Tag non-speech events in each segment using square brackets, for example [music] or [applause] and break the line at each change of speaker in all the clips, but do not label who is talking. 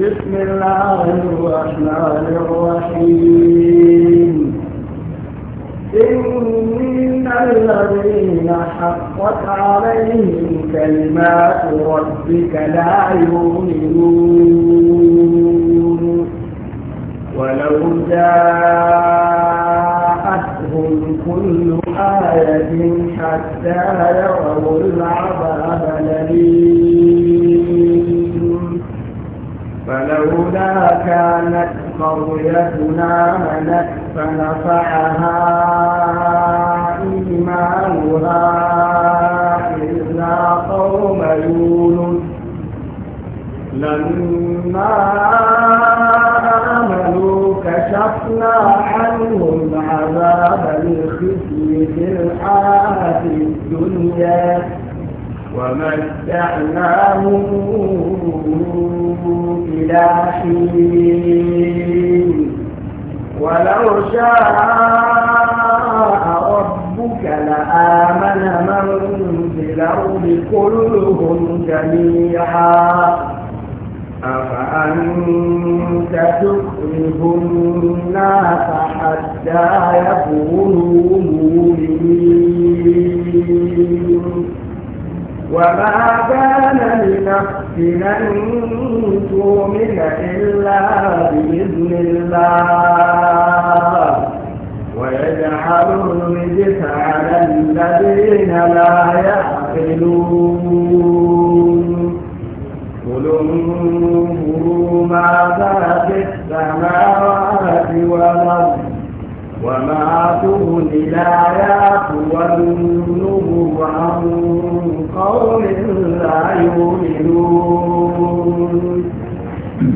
بسم الله الرحمن الرحيم إن الذين حقت عليهم كلمات ربك لا يؤمنون ولو جاءتهم كل آية حتى يروا العذاب الأليم ولولا كانت قريتنا هلك فنفعها إيمانها إلا قوم يونس لما آمنوا كشفنا عنهم عذاب الخزي في الحياة الدنيا ومتعناهم إلى حين ولو شاء ربك لآمن من في الأرض كلهم جميعا أفأنت تكره الناس حتى يكونوا مؤمنين وما كان لنفس أن تؤمن إلا بإذن الله ويجعل الرجس على الذين لا يعقلون قل انظروا ماذا في السماوات والأرض وما تغني الآيات والنبو عن قوم لا يؤمنون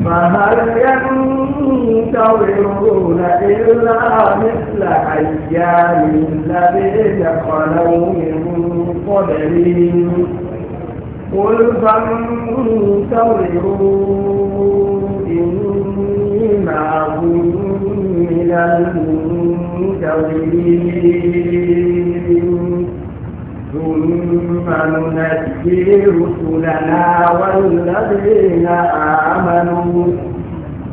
فهل ينتظرون إلا مثل أيام الذين خلوا من قبلهم قل فانتظروا إني معهم المنكرين ثم ننجي رسلنا والذين آمنوا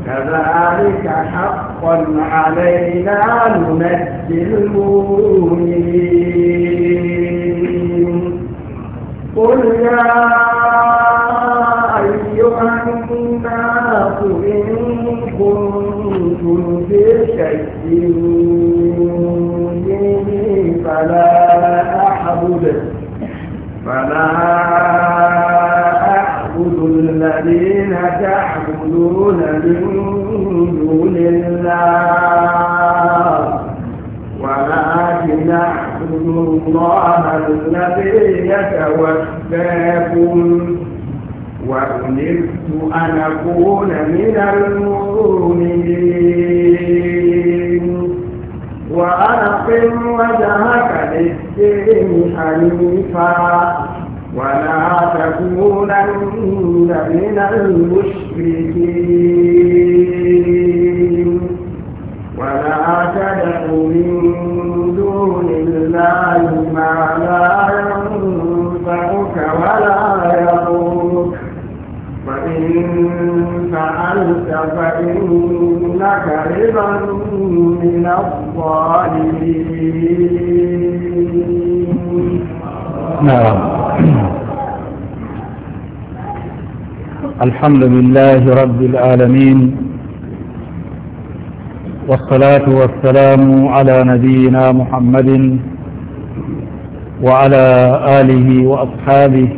كذلك حقا علينا ننجي المؤمنين قل يا أيها الناس إن كنتم في شك مني فلا أعبد فلا أعبد الذين تعبدون من دون الله ولكن أعبد الله الذي يتوفاكم وأمرت أن أكون من المؤمنين وأقم وجهك للدين حنيفا ولا تكونن من المشركين فإنك إذا من الظالمين
نعم
الحمد لله رب العالمين والصلاة والسلام على نبينا محمد وعلى آله وأصحابه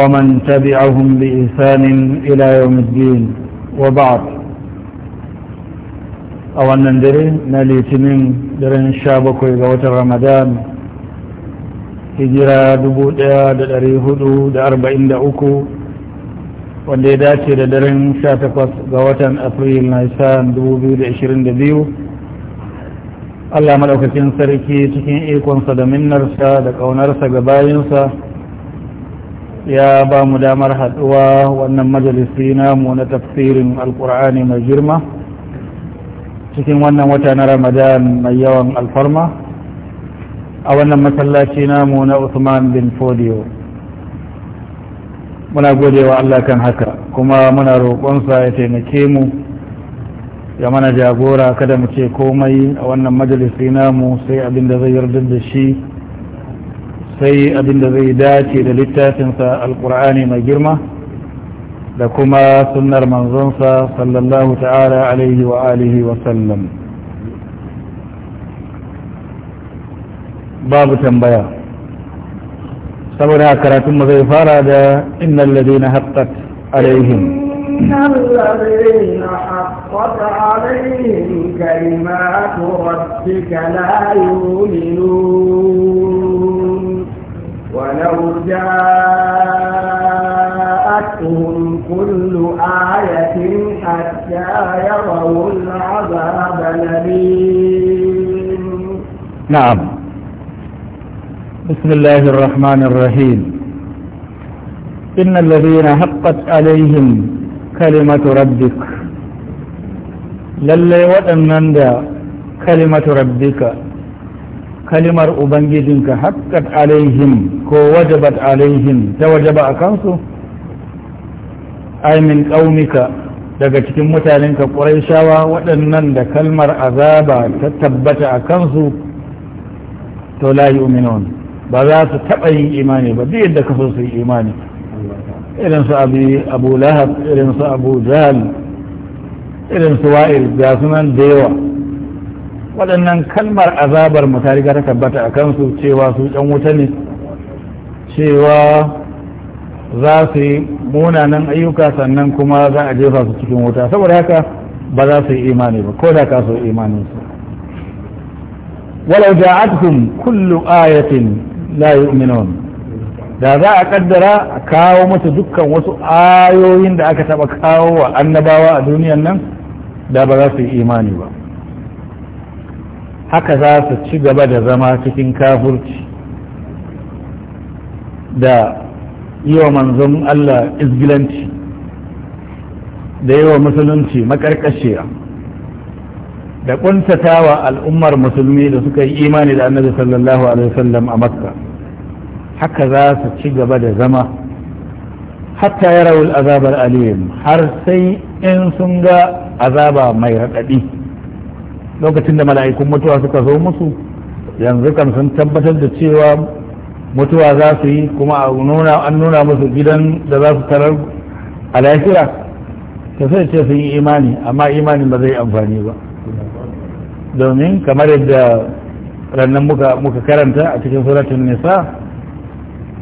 ومن تبعهم بإحسان إلى يوم الدين وبعد a wannan dare na litinin daren sha bakwai ga watan ramadan hijira 1443 wanda ya dace da daren sha takwas ga watan afril na isa 2022 allah maɗaukakin sarki cikin ikonsa da minnarsa da ƙaunarsa ga bayansa ya ba mu damar haɗuwa wannan majalisi namu na tafsirin alkur'ani mai girma cikin wannan wata na ramadan mai yawan alfarma a wannan masallaci namu na usman bin fodiyo muna godewa allah kan haka kuma muna roƙonsa ya taimake mu ya mana jagora kada mu ce komai a wannan majalisi namu sai abin da zai yardar da shi sai abin zai dace da littafinsa alkur'ani mai girma da kuma sunnar manzonsa sallallahu ta'ala alaihi wa alihi wa sallam babu tambaya saboda karatun mu zai fara da innal ladina haqqat
alaihim
الذين حقت عليهم كلمات ربك لا يؤمنون ولو جاءتهم كل آية حتى يروا العذاب الأليم
نعم
بسم الله الرحمن الرحيم إن الذين حقت عليهم كلمة ربك للي وأنن كلمة ربك kalimar ubangijinka haƙƙat alaihim ko wajabat alaihim ta wajaba a kansu ai min ƙaunika daga cikin mutanenka ƙuraishawa waɗannan da kalmar azaba ta tabbata a kansu to la yu'minun ba za su taɓa yin imani ba duk yadda ka su yi imani irin su abu lahab irin su abu jahal irin su wa'il ga sunan da yawa waɗannan kalmar azabar mu ta riga ta tabbata a kansu cewa su ɗan wuta ne cewa za su yi munanan ayyuka sannan kuma za a jefa su cikin wuta saboda haka ba za su yi imani ba ko da ka so imani su walau ja'atuhum kullu ayatin la yu'minun da za a kaddara a kawo musu dukkan wasu ayoyin da aka taba kawo wa annabawa a duniyan nan da ba za su yi imani ba haka za su ci gaba da zama cikin kafurci da yi wa manzon Allah izgilanci da yi wa musulunci makarkashiya da kuntatawa al'ummar musulmi da suka yi imani da annabi sallallahu alaihi wasallam a makka haka za su ci gaba da zama hatta ya rawul azabar aliyu har sai in sun ga azaba mai raɗaɗi lokacin da mala'ikun mutuwa suka zo musu yanzu kan sun tabbatar da cewa mutuwa za su yi kuma an nuna musu gidan da za su tarar a lafiya ta sai ce sun yi imani amma imanin ba zai amfani ba domin kamar yadda rannan muka karanta a cikin suratun nisa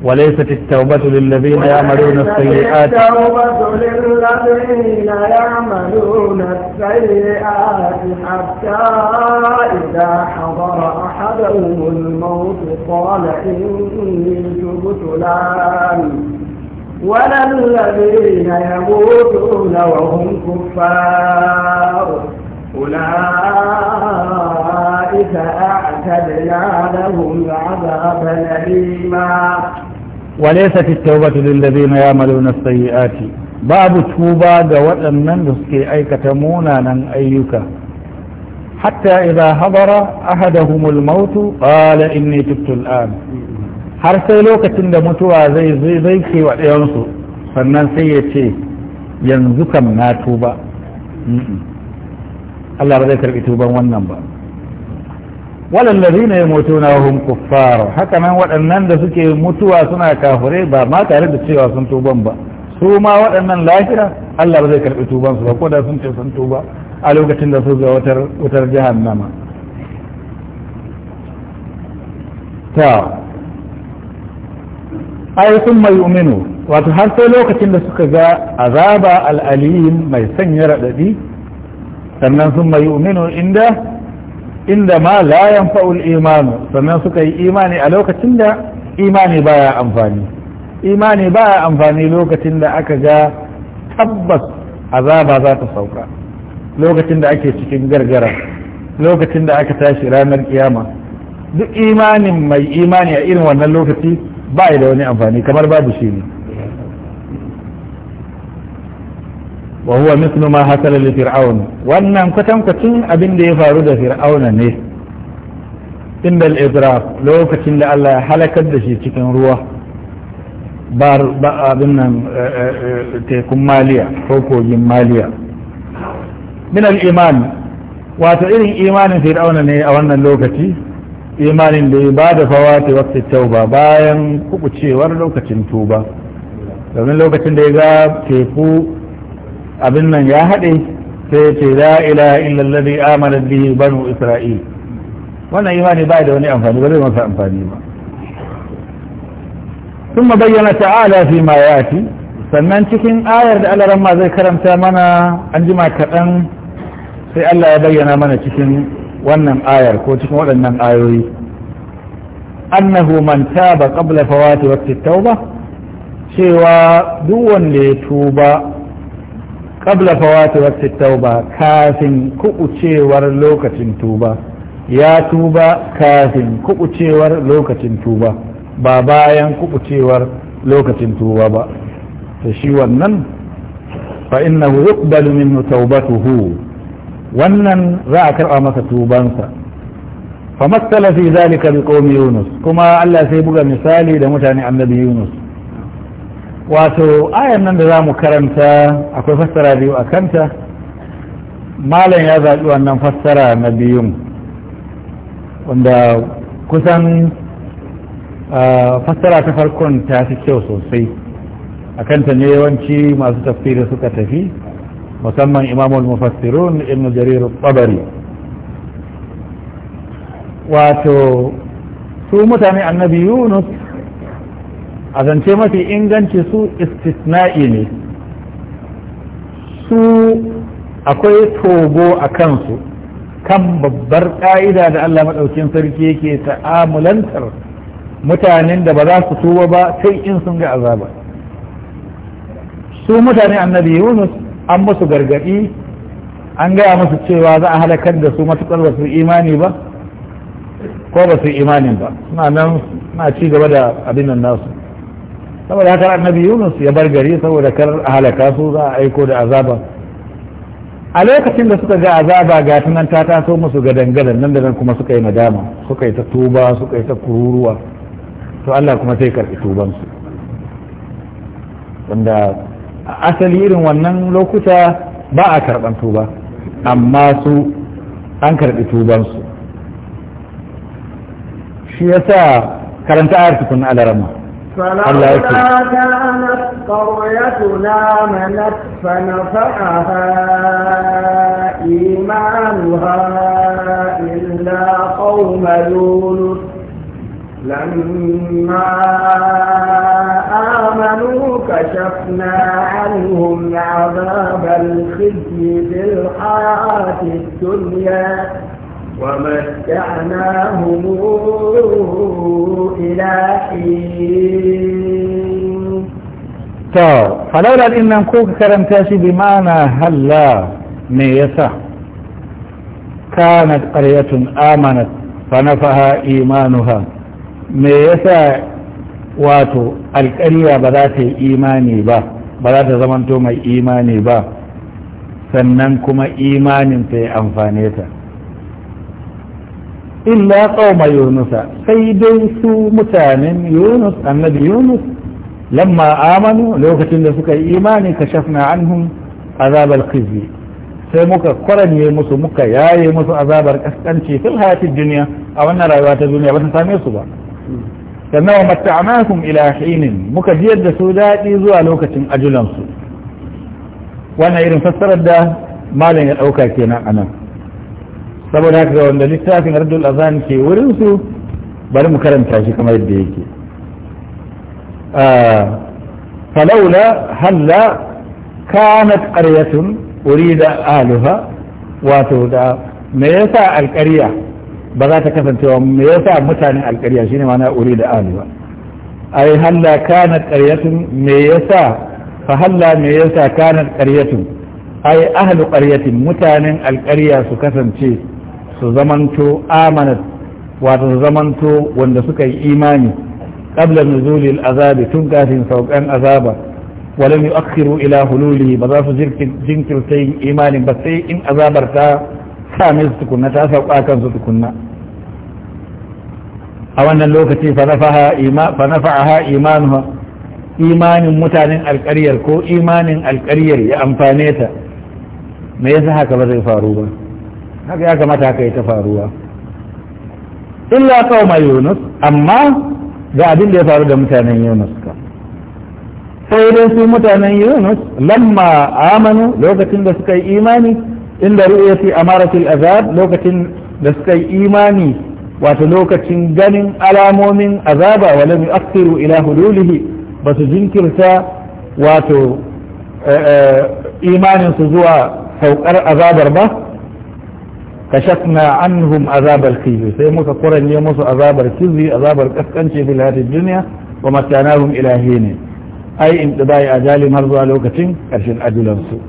وليست التوبة للذين يعملون السيئات
التوبة للذين يعملون السيئات حتى إذا حضر أحدهم الموت قال إني تبت الآن ولا الذين يموتون وهم كفار أولئك أعتدنا لهم عذابا أليما
وليست التوبة للذين يعملون السيئات باب توبة ga waɗannan أي كتمونا نن أيك حتى إذا حضر أحدهم الموت قال إني تبت الآن har sai lokacin da mutuwa zai zai ke wa sannan sai ya ce yanzu kam na tuba Allah ba zai karɓi tuban wannan ba walallazi ne mutu na hun haka nan waɗannan da suke mutuwa suna kafure ba ma tare da cewa sun tuban ba su ma waɗannan lahira Allah ba zai karɓi tuban su ba ko da sun ce sun tuba a lokacin da su zuwa wutar wutar jahannama ta ai sun mai uminu wato har sai lokacin da suka ga azaba al'aliyin mai sanya raɗaɗi sannan sun mai uminu inda inda ma la yanfa'ul imanu sannan suka yi imani a lokacin da imani baya amfani imani baya amfani lokacin da aka ga tabbas azaba za ta sauka lokacin da ake cikin gargara lokacin da aka tashi ranar kiyama duk imanin mai imani a irin wannan lokaci ba da wani amfani kamar babu shi ne wa huwa mislu ma hasala li fir'aun wannan kwatankwacin abin da ya faru da fir'auna ne inda al-idraf lokacin da Allah ya halakar da shi cikin ruwa ba abin nan
eh, eh, eh,
tekun maliya ko kogin maliya min al-iman wato irin imanin fir'auna ne a wannan lokaci imanin da ya bada fawati waqti tauba bayan kubucewar lokacin tuba domin lokacin da ya ga teku abin nan ya haɗe sai ya ce la ilaha illa alladhi amana bihi banu isra'il wannan imani ba da wani amfani ba zai masa amfani ba ثم بين تعالى فيما ياتي sannan cikin ayar da Allah ma zai karanta mana an jima kaɗan sai Allah ya bayyana mana cikin wannan ayar ko cikin waɗannan ayoyi annahu man taba qabla fawati waqti tauba cewa duk wanda ya tuba qabla fawati waqti tauba kafin kubucewar lokacin tuba ya tuba kafin kubucewar lokacin tuba ba bayan kubucewar lokacin tuba ba ta shi wannan fa innahu yuqbalu minhu taubatuhu wannan za a karba masa tubansa fa mattala fi zalika biqawmi yunus kuma Allah sai buga misali da mutane annabi yunus wato ayan nan da za mu karanta akwai fassara biyu a kanta malam ya zaɓi wannan fassara na biyun wanda kusan fassara ta farkon ta fi kyau sosai a kanta ne yawanci masu tafsiri suka tafi musamman imamul mufassirun ibn jarir tabari wato su mutane annabi yunus a zance mafi inganci su istisna'i ne su akwai togo a kansu kan babbar ƙa'ida da Allah maɗaukin sarki yake ta'amulantar mutanen da ba za su tuba ba sai in sun ga azaba su mutane annabi yunus an musu gargaɗi an gaya musu cewa za a halakar da su matuƙar ba su imani ba ko ba su imanin ba suna nan na ci gaba da abin nan nasu saboda haka annabi yunus ya bar gari saboda kar halaka su za a aiko da azaba a lokacin da suka ga azaba ga nan ta taso musu ga dangadan nan da nan kuma suka yi nadama suka yi ta tuba suka yi ta kururuwa to Allah kuma sai karɓi tubansu wanda asali irin wannan lokuta ba a karɓan tuba amma su an karɓi tubansu shi yasa karanta ayar tukun alarama فلولا
كانت قريتنا منت فنفعها إيمانها إلا قوم يونس لما آمنوا كشفنا عنهم عذاب الخزي في الحياة الدنيا ومتعناهم إلى حين
فلولا إن كرم كرمتاشي بمعنى هلا ميسا كانت قرية آمنت فنفها إيمانها ميسا واتو القرية بذات إيماني با بذات زمنتو ما إيماني با sannan إيمان في ta illa qauma yunusa sai dai su mutanen yunus annabi yunus lamma amanu lokacin da suka yi imani kashafna anhum azab al-khizy sai muka kwaranye musu muka yaye musu azabar kaskanci fil hayatid dunya a wannan rayuwa ta duniya ba ta same su ba sannan wa matta'nakum ila hinin muka jiyar da su daɗi zuwa lokacin ajulansu wannan irin fassarar da malam ya ɗauka kenan anan saboda haka ga wanda littafin ardul azan ke wurin su bari mu karanta shi kamar yadda yake falaula halla kanat qaryatun urida ahluha wato da me yasa alƙarya ba za ta kasancewa me yasa mutanen alƙarya shine mana urida ahluha ai halla kanat qaryatun me yasa fa halla me yasa kanat qaryatun ai ahlu qaryatin mutanen alƙarya su kasance su zamanto amanat wato su zamanto wanda suka yi imani qabla nuzulil azabi tun kafin saukan azaba walam yu'akhiru ila hululi ba za su jinkirta yin imanin ba sai in azabar ta same su tukunna ta sauka kan su tukunna a wannan lokaci fa nafa'aha imanuha imanin mutanen alƙaryar ko imanin alƙaryar ya amfane ta me yasa haka ba zai faru ba haka ya kamata haka ta faruwa illa kauma yunus amma ga abin da ya faru da mutanen yunus ka sai dai su mutanen yunus lamma amanu lokacin da suka yi imani inda ru'yati amaratul azab lokacin da suka yi imani wato lokacin ganin alamomin azaba wa lam yu'akhiru ila hululihi ba su jinkirta wato eh, eh, imanin su zuwa saukar azabar ba كشفنا عنهم عذاب الخزي سيموت قرن يموت عذاب الخزي عذاب الكسكنشي في هذه الدنيا ومتعناهم إلى هين أي انتباع أجال مرضى لوكتين أرشد أجل رسول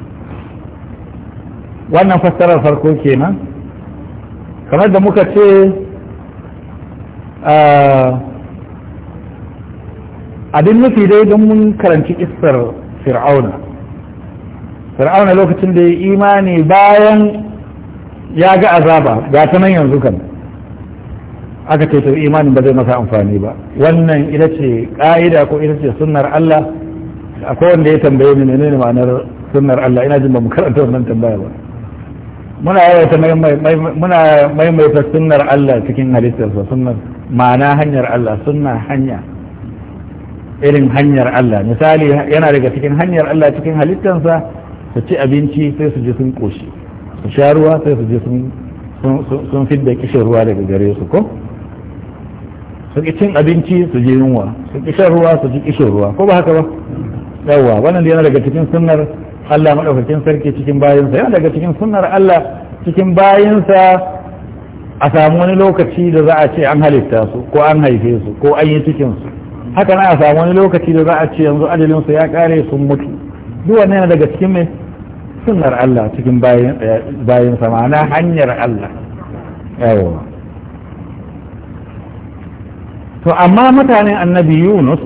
wannan fassarar farko kenan kamar da muka ce abin nufi dai don mun karanci istar fir'auna fir'auna lokacin da ya imani bayan ya ga azaba ga ta nan yanzu kan aka ce to imanin ba zai masa amfani ba wannan ita ce ka'ida ko ita ce sunnar Allah akwai wanda ya tambaye ni menene ma'anar sunnar Allah ina jin ba mu karanta wannan tambaya ba muna yawaita muna maimaita sunnar Allah cikin halittarsa sunnar ma'ana hanyar Allah sunna hanya irin hanyar Allah misali yana daga cikin hanyar Allah cikin halittarsa su ci abinci sai su ji sun koshi su sha ruwa sai su je sun fidda kishin ruwa daga gare su ko su ki cin abinci su je yunwa su ki shan ruwa su ji kishin ruwa ko ba haka ba yawwa wannan yana daga cikin sunnar Allah madaukakin sarki cikin bayansa yana daga cikin sunnar Allah cikin bayansa a samu wani lokaci da za a ce an halitta su ko an haife su ko an yi cikin su haka na a samu wani lokaci da za a ce yanzu adalinsu ya kare sun mutu duk wannan yana daga cikin mai sunnar Allah cikin bayan eh, sama na hanyar Allah yawon to amma mutanen annabi Yunus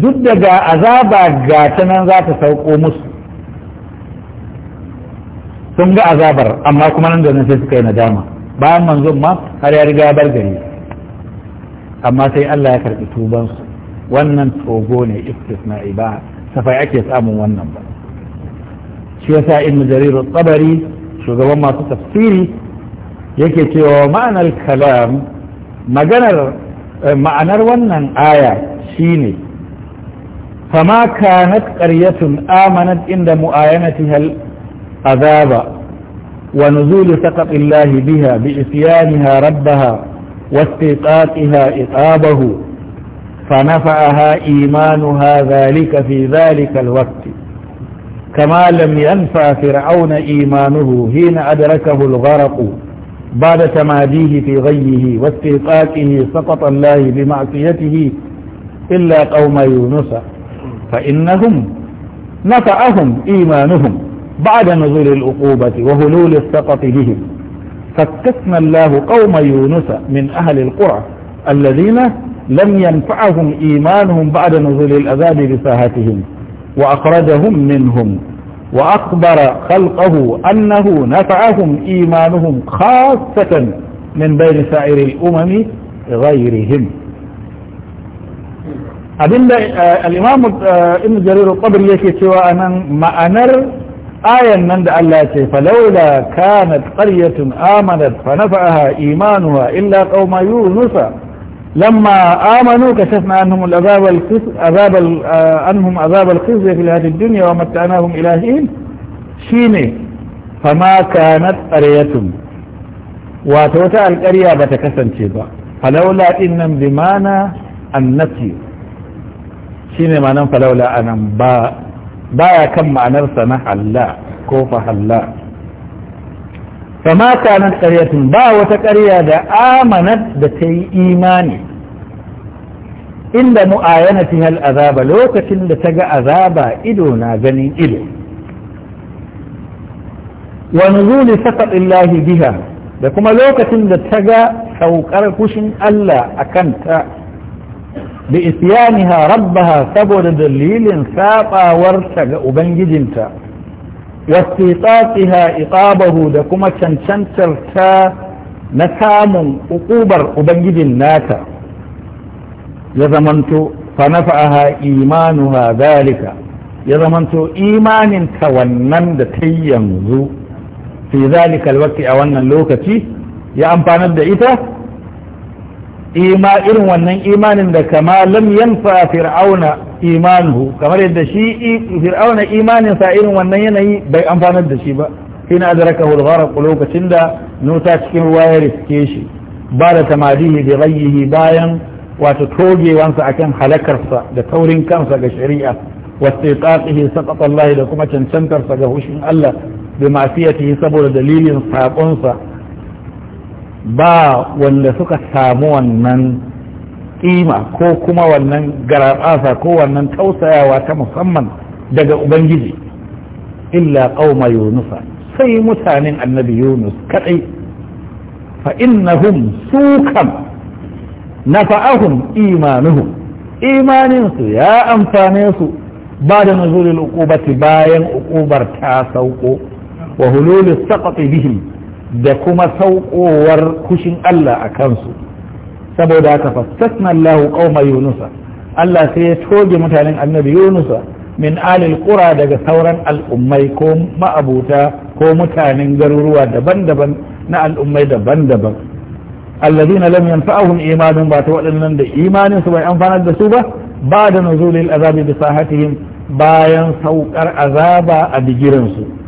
duk daga azaba gata nan za ta sauko musu sun ga azabar amma kuma nan da nan sai suka yi nadama bayan manzon ma har ya riga bar gari amma sai Allah ya karɓi tubansu wannan togo ne istisna'i ba safai ake samun wannan ba شفاء ابن جرير الطبري شغلون ما تتفسيري يكي تيو معنى الكلام مجنر معنى الوانن آية شيني فما كانت قرية آمنت عند مؤاينتها الأذاب ونزول سقط الله بها بإتيانها ربها واستيقاتها إطابه فنفعها إيمانها ذلك في ذلك الوقت كما لم ينفع فرعون إيمانه حين أدركه الغرق بعد تماديه في غيه واستيقاكه سقط الله بمعصيته إلا قوم يونس فإنهم نفعهم إيمانهم بعد نزول العقوبة وهلول السقط بهم فاستثنى الله قوم يونس من أهل القرى الذين لم ينفعهم إيمانهم بعد نزول الأذاب بساهتهم وأخرجهم منهم وأخبر خلقه أنه نفعهم إيمانهم خاصة من بين سائر الأمم غيرهم abinda al'imamu ibn jarir al-qabri yake cewa anan ma'anar ayan nan da Allah ce falaula kanat qaryatun amanat fa nafa'aha imanuha illa qauma yunusa لما آمنوا كشفنا عنهم الأباب أباب أنهم آه، أباب الخزي في هذه الدنيا ومتعناهم إلى حين فما كانت قرية وتوتا القرية بتكسن شيبا فلولا إن بمعنى النتي شيني ما نم فلولا ان با با كم معنى سنة الله كوف الله فما كانت قرية با وتقرية دا آمنت دا تي إيماني إلا مؤاينتها الأذاب لوكة دا تقى أذابا إدونا جنين ido. ونزول سقط الله بها da kuma lokacin da ta ga saukar kushin Allah a kanta da isiyaniha rabbaha saboda dalilin saɓawarta ga Ubangijinta wasitsatsiha iqabahu da kuma cancantar ta na samun ukubar ubangijin nata ya zamanto fa nafa'aha imanuha zalika ya zamanto imanin ta wannan da ta yanzu fi zalika alwaqti a wannan lokaci ya amfanar da ita ima irin wannan imanin da kama lam yanfa fir'auna imanuhu kamar yadda shi fir'auna imanin sa irin wannan yanayi bai amfanar da shi ba hina adraka al lokacin da nuta cikin ruwa ya riske shi ba da tamadihi bi ghayyihi bayan wato togewansa akan halakarsa da taurin kansa ga shari'a واستيقاظه سقط الله لكم تنتنتر Allah من الله بمعصيته سبب saboda dalilin saƙonsa. ba wanda suka samu wannan kima ko kuma wannan garabasa ko wannan tausayawa ta musamman daga ubangiji illa ƙauma yunusa sai mutanen annabi yunus kadai fa innahum sukan nafa'ahum imanuhum imaninsu ya amfane su ba da nuzulil bayan ukubar ta sauko wa hululus saqati bihim da kuma saukowar kushin Allah a kansu saboda haka fastasna Allahu qauma yunusa Allah sai ya toge mutanen annabi yunusa min alil qura daga sauran al'ummai ko ma'abuta ko mutanen garuruwa daban-daban na al'ummai daban-daban allazina lam yanfa'uhum imanun ba ta waɗannan da imanin su bai amfanar da su ba ba da nuzulil azabi bi sahatihim bayan saukar azaba a digirin su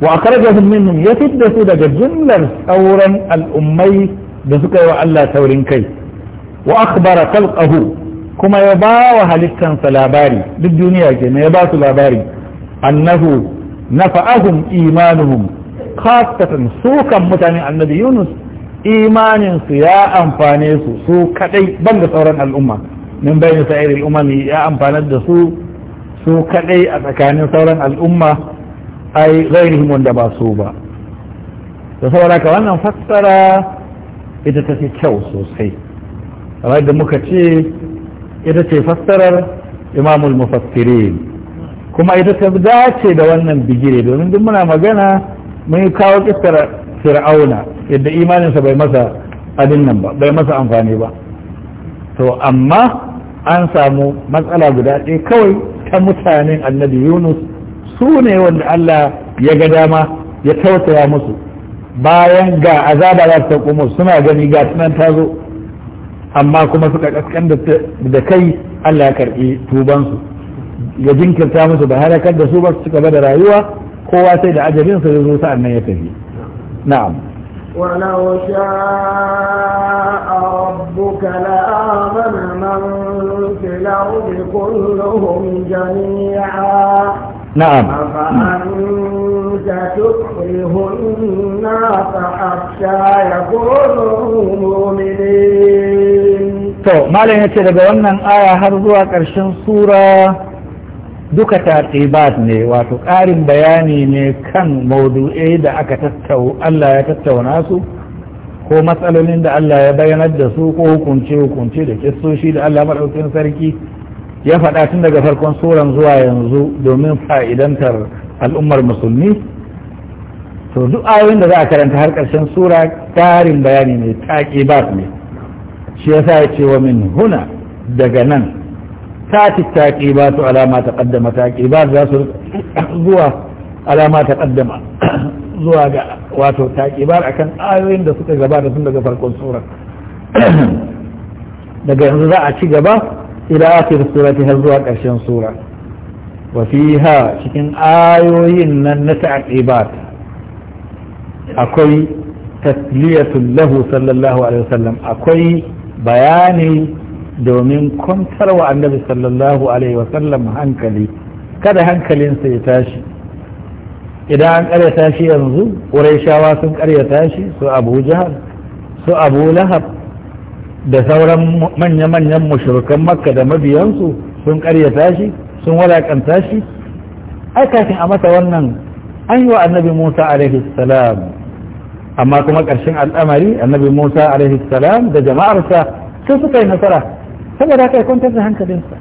wa akhrajahum minhum ya fidda su daga jimlar sauran al'ummai da suka yi wa Allah taurin kai wa kal khalqahu kuma ya ba wa halittansa labari duk duniya ke ya ba su labari annahu nafa'ahum imanuhum khassatan su kan mutanen annabi Yunus imaninsu ya amfane su su kadai ban da sauran al'umma min bayni sa'ir al'umma ya amfanar da su su kadai a tsakanin sauran al'umma ai ghairihim wanda ba su ba da saboda ka wannan fassara ita ta fi kyau sosai kamar da muka ce ita ce fassarar imamul mufassirin kuma ita ta dace da wannan bigire domin duk muna magana mun kawo kisar fir'auna yadda imaninsa bai masa abin nan ba bai masa amfani ba to amma an samu matsala guda ɗaya kawai ta mutanen annabi yunus su ne wanda Allah ya ga dama ya tausaya musu bayan ga azaba za ta kuma suna gani ga tunan ta zo amma kuma suka kaskan da kai Allah ya karbi tubansu ya jinkirta musu ba harakar da su ba su gaba da rayuwa kowa sai da ajalin sa ya zo sa nan ya tafi na'am
ولو شاء ربك لآمن من في الأرض كلهم جميعا نعم أفأنت تكره يكونوا مؤمنين
to malam ya ce daga wannan aya har zuwa ƙarshen sura duka tatibat ne wato ƙarin bayani ne kan maudu'ai da aka tattau Allah ya tattauna su ko matsalolin da Allah ya bayanar da su ko hukunce hukunce da kissoshi da Allah maɗaukin sarki ya faɗa tun daga farkon suran zuwa yanzu domin fa'idantar al'ummar musulmi to duk ayoyin da za a karanta har ƙarshen sura ƙarin bayani ne taƙi ba ne shi ya sa ya ce wa min huna daga nan ta ci taƙi ba su alama ta ƙaddama taƙi ba za su zuwa alama ta ƙaddama [coughs] zuwa ga wato taƙi ba kan ayoyin da suka gabata tun daga farkon sura [coughs] daga yanzu za a ci gaba ila akhir surati har zuwa ƙarshen sura wasiha cikin ayoyin nan na ta'qibat akwai tasliyatun lahu sallallahu alaihi wasallam akwai bayani domin kwantarwa annabi sallallahu alaihi wasallam hankali kada hankalinsa ya tashi idan an ƙarya tashi yanzu ƙurayshawa sun ƙarya tashi su abu jahal su abu lahab da sauran manya-manyan mushrikan makka da mabiyansu sun karyata shi sun walakanta shi ai kafin a masa wannan an yi wa annabi musa alaihi salam amma kuma ƙarshen al'amari annabi musa alaihi salam da jama'arsa sun suka yi nasara saboda haka ya kwantar da hankalinsa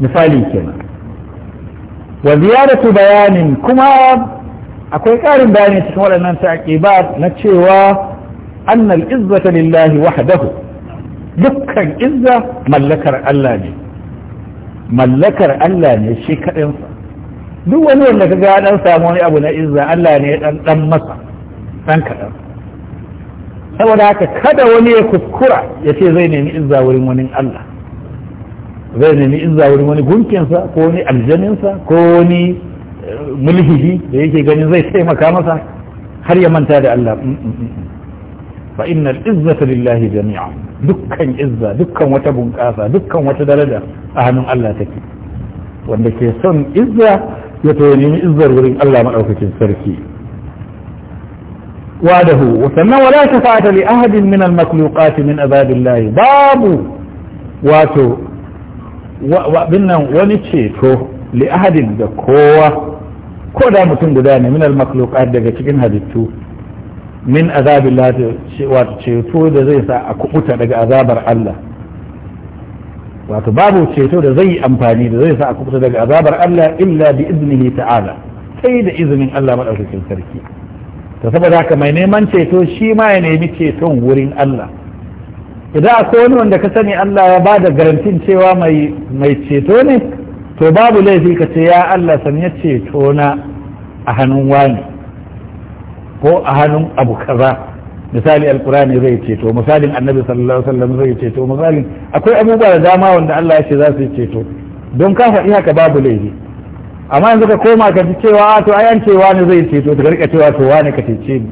misali kenan wa ziyaratu bayanin kuma akwai ƙarin bayani cikin waɗannan ta'aqibat na cewa annal izzata lillahi wahdahu dukkan izza mallakar Allah ne mallakar Allah ne shi kaɗansa duk wanda ka ga dan samu wani abu na izza Allah ne dan dan masa dan kaɗan saboda haka kada wani ya kuskura ya ce zai nemi izza wurin wani Allah zai nemi izza wurin wani gunkinsa ko wani aljaninsa ko wani mulhiji da yake ganin zai taimaka masa har ya manta da Allah fa innal izzata jami'a dukkan izza dukkan wata bunƙasa dukkan wata daraja a hannun Allah take wanda ke son izza ya to nemi izzar wurin Allah madaukakin sarki wadahu wa sannan wala tafata li min al makhluqat min azabillahi babu wato wa wani ceto li ahadin da kowa ko da mutum guda ne min daga cikin halittu min azabin wato ceto da zai sa a kubuta daga azabar Allah wato babu ceto da zai amfani da zai sa a kubuta daga azabar Allah illa bi iznihi ta'ala sai da izinin Allah madaukakin sarki to saboda haka mai neman ceto shi ma ya nemi ceton wurin Allah idan akwai wani wanda ka sani Allah ya bada garantin cewa mai mai ceto ne to babu laifi ka ce ya Allah sanya ceto na a hannun wani ko a hannun abu kaza misali alkurani zai ceto misalin annabi sallallahu alaihi wasallam zai ceto misalin akwai abubuwa da dama wanda Allah ya ce za su ceto don ka faɗi haka babu laifi amma yanzu ka koma ka ji cewa ah, to ai an cewa ne zai ceto ka rika cewa to wane ka cece ni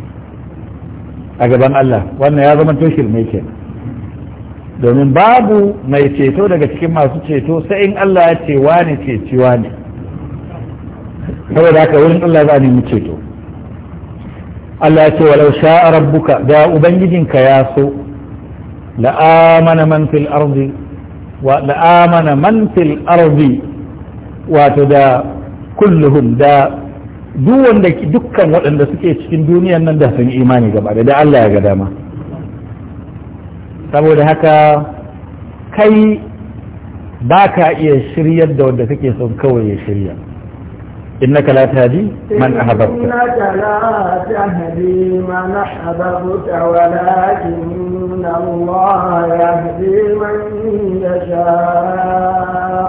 a gaban Allah wannan ya zama to shirme ke domin babu mai ceto daga cikin masu ceto sai in Allah ya ce wani ce ciwa ne saboda haka wurin Allah za a nemi ceto Allah ce walau sha'a rabbuka da ubangijinka ya so la'amana man fil ardi wa la'amana man fil ardi wato da kulluhum da duk wanda dukkan waɗanda suke cikin duniyan nan da sun imani gaba da da Allah ya ga dama saboda haka kai ba ka iya shiryar da wanda kake son kawai ya shirya إنك لا تهدي من أحببت إنك
لا تهدي من أحببت ولكن الله يهدي من يشاء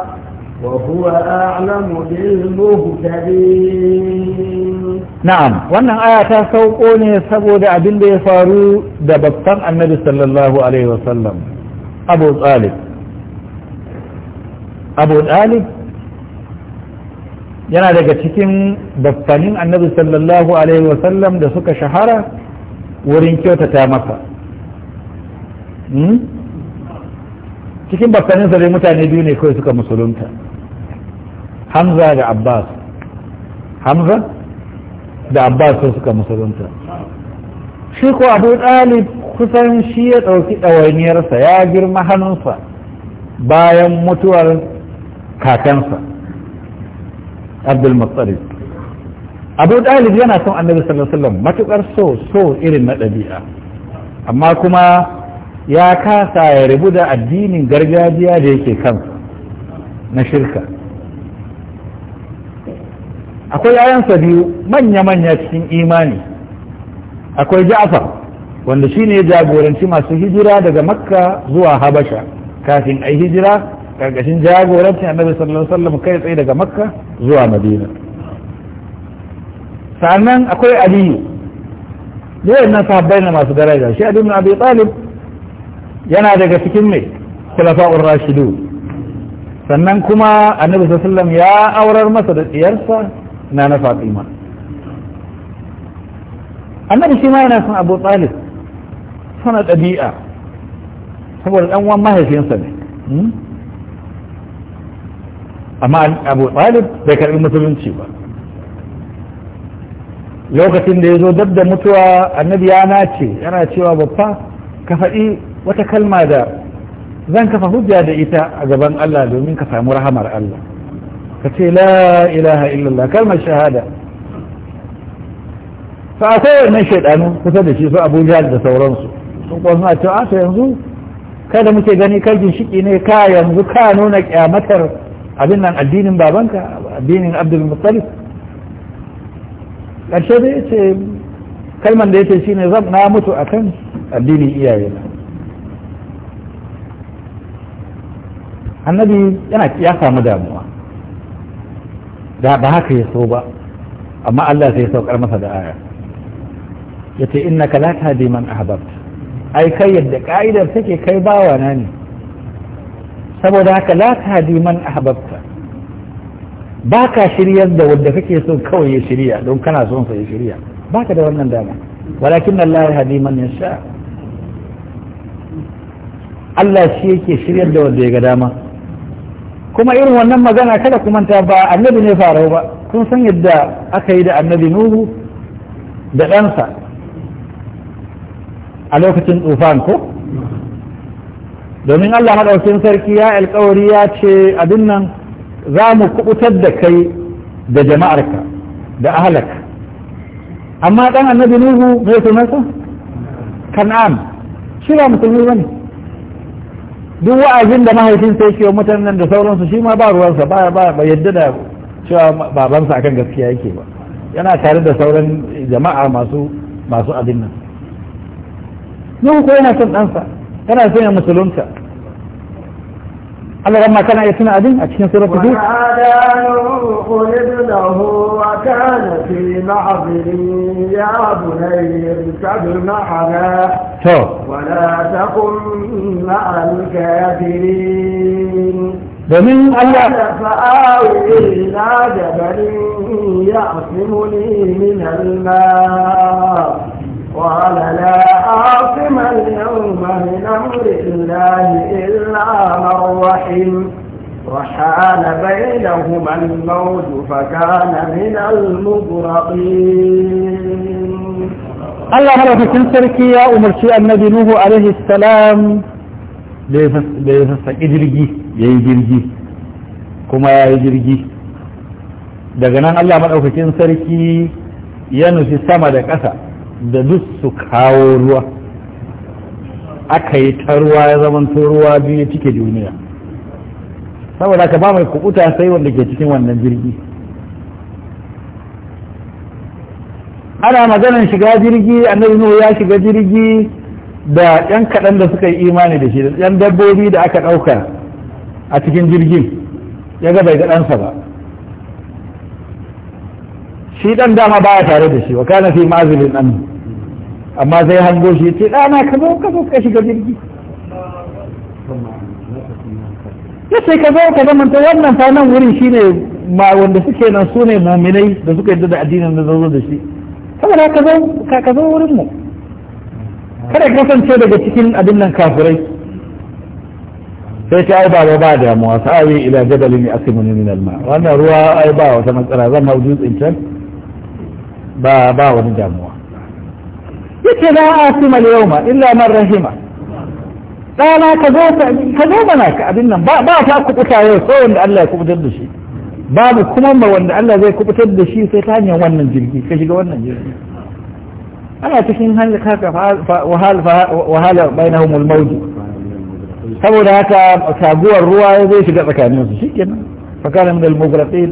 وهو أعلم بالمهتدين
نعم وأن آية سوقوني سبود عبد الله صاروا دبطن النبي صلى الله عليه وسلم أبو طالب أبو طالب yana daga cikin baffanin annabi sallallahu alaihi wasallam da suka shahara wurin kyautata masa hmm? cikin baffaninsa dai mutane biyu ne kawai suka musulunta hamza da abbas hamza da abbas sun suka musulunta shi ko abu ɗalib kusan shi ya ɗauki ɗawainiyarsa ya girma hannunsa bayan mutuwar kakansa abdul muttalib abu dalib yana son annabi sallallahu alaihi wasallam matukar so so irin na ɗabi'a amma kuma ya kasa ya rabu da addinin gargajiya da yake kan na shirka akwai ayansa biyu manya-manya cikin imani akwai ja'far wanda shine ya jagoranci masu hijira daga makka zuwa habasha kafin ai hijira karkashin jagorancin annabi sallallahu alaihi wasallam kai tsaye daga makka zuwa madina sannan akwai aliyu yawan nan sahabbai na masu daraja shi aliyu na abi talib yana daga cikin mai kulafa'ur rashidu sannan kuma annabi sallallahu alaihi wasallam ya aurar masa da tsiyarsa na na fatima annabi shi ma yana son abu talib sana ɗabi'a saboda ɗan uwan mahaifinsa ne hmm? amma abu talib bai karbi musulunci ba lokacin da ya zo dab da mutuwa annabi ya nace yana cewa babba ka faɗi wata kalma da zan kafa hujja da ita a gaban Allah domin ka samu rahamar Allah ka ce la ilaha illallah kalmar shahada fa akwai wannan shaidanu kusa da shi su Abu da sauransu sun kuma suna cewa a yanzu kada muke gani kai ginshiki ne ka yanzu ka nuna kyamatar abin nan addinin babanka addinin abdul muttalib ƙarshe da ya ce kalman da ya ce shine zan na mutu akan addinin iyayena annabi yana ya samu damuwa da ba haka ya so ba amma Allah sai ya saukar masa da aya yace innaka la tahdi man ahbabta ai kai yadda ka'idar take kai bawa na ne saboda haka la tahdi man ahbabta ba ka shiryar da wanda kake so kawai ya shirya don kana son sa ya shirya ba ka da wannan dama walakin Allah ya hadi man yasha Allah shi yake shiryar da wanda ya ga dama kuma irin wannan magana kada ku manta ba annabi ne farau ba kun san yadda aka yi da annabi nuhu da ɗansa a lokacin tsufan ko domin Allah madaukin sarki ya alkawari ya ce abin nan za mu kubutar da kai da jama'arka da ahalak amma ɗan annabi nuhu mai sunansa kan'an shi ba musulmi ba ne duk wa'azin da mahaifinsa yake mutan mutanen da sauransu shi ma ba ruwansa ba ba yadda da cewa babansa akan gaskiya yake ba yana tare da sauran jama'a masu masu abin nan nuhu ko yana son ɗansa kana son ya musulunta Allah ramma kana iya tuna abin a cikin suratul hud
ada nuqul ibnahu wa kana fi ma'zilin ya bunayya irkab ma'ana to wala taqum ma'al kafirin domin Allah fa'awi ila jabalin ya'simuni min al-ma' قال لا أعظم اليوم من أمر الله إلا من رحم وحال بينهما الموت فكان من المبرقين الله هلا في كل تركيا
أمر شيء النبي نوه عليه السلام ليس يا يجرجي كما يجرجي daga nan Allah madaukakin sarki ya nufi sama da ƙasa da duk su kawo ruwa aka yi ta ruwa ya zamanto ruwa biyu ya cike duniya saboda ka ba mai kubuta sai wanda ke cikin wannan jirgi ana maganar shiga jirgi annabi nuhu ya shiga jirgi da yan kaɗan da suka yi imani da shi da yan dabbobi da aka ɗauka a cikin jirgin ya ga bai ga ɗansa ba shi dan dama baya tare da shi wa kana fi mazilin amin amma zai hango shi ce dana ka zo ka zo ka shiga jirgi ya ce ka zo ka zama ta wannan fa nan wurin shine ma wanda suke nan su ne muminai da suka yadda da addinin da zo da shi kamar ka zo ka zo wurin mu kada ka kasance daga cikin abin nan kafirai sai ta ai ba ba damuwa sa'awi ila jadalin ya asimuni min alma wannan ruwa ai ba wata matsala zan hau dutsen can بابا ونجموا يتي لا آتم اليوم إلا من رهما لا لا كذوب كذوب أنا كأبنا با با تأكل كتاعي صون الله يكون ضد شيء با بكم ما وان الله زي كوب ضد شيء سيتاني وان نجلي كشي وان نجلي أنا تشين هل كذا فهال فهال وهال بينهم الموج تقول هذا تقول الرواية زي شجرة كان يوسف شكله فكان من المغرقين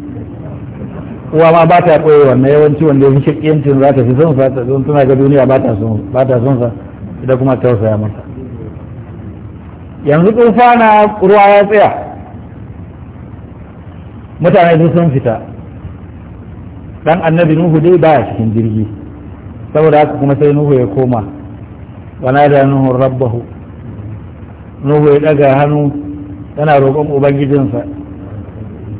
uwa ma ba ta koyi wannan yawanci wanda ya fi za ta fi son sa don tana ga duniya ba ta son sa idan kuma tausaya masa yanzu na ruwa ya tsaya mutane sun sun fita dan annabi nuhu dai baya cikin jirgi saboda haka kuma sai nuhu ya koma wana da nuhu rabbahu nuhu ya daga hannu yana roƙon ubangijinsa